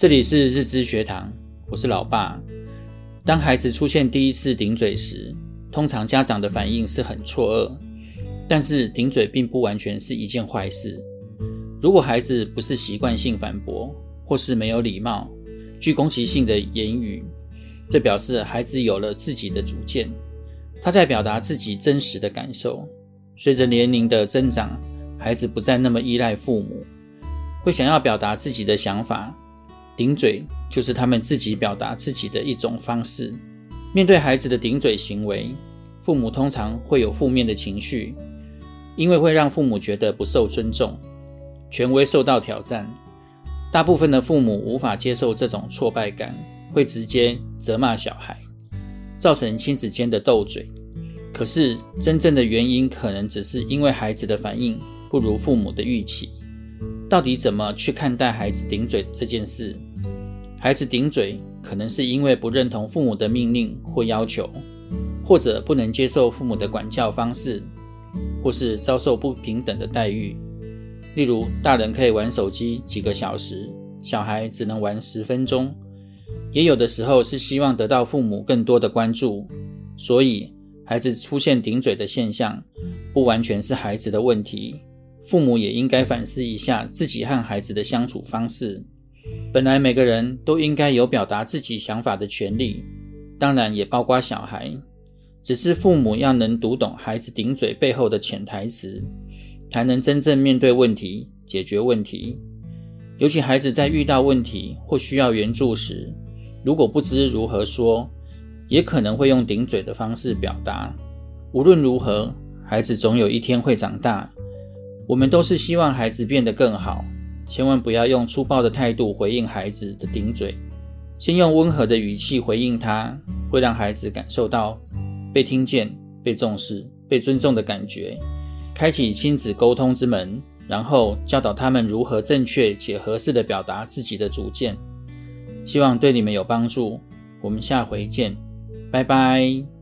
這裡是日知學堂，我是老爸。當孩子出現第一次頂嘴時，通常家長的反應是很錯愕。但是頂嘴並不完全是一件壞事。如果孩子不是習慣性反駁，或是沒有禮貌、具攻擊性的言語，這表示孩子有了自己的主見，他在表達自己真實的感受。隨着年齡的增長，孩子不再那麼依賴父母，會想要表達自己的想法。頂嘴就是他們自己表達自己的一種方式。面對孩子的頂嘴行為，父母通常會有負面的情緒，因為會讓父母覺得不受尊重，權威受到挑戰。大部分的父母無法接受這種挫敗感，會直接責罵小孩，造成親子間的鬥嘴。可是，真正的原因可能只是因為孩子的反應不如父母的預期。到底怎麼去看待孩子頂嘴這件事？孩子頂嘴，可能是因為不認同父母的命令或要求，或者不能接受父母的管教方式，或是遭受不平等的待遇。例如，大人可以玩手機幾個小時，小孩只能玩十分鐘。也有的時候是希望得到父母更多的關注。所以，孩子出現頂嘴的現象，不完全是孩子的問題，父母也應該反思一下自己和孩子的相處方式。本來每個人都應該有表達自己想法的權利，當然也包括小孩。只是父母要能讀懂孩子頂嘴背後的潛台詞，才能真正面對問題、解決問題。尤其孩子在遇到問題或需要援助時，如果不知如何說，也可能會用頂嘴的方式表達。無論如何，孩子總有一天會長大，我們都是希望孩子變得更好。千萬不要用粗暴的態度回應孩子的頂嘴，先用溫和的語氣回應他，會讓孩子感受到被聽見、被重視、被尊重的感覺，開啟親子溝通之門，然後教導他們如何正確且合適地表達自己的主見。希望對你們有幫助，我們下回見，拜拜。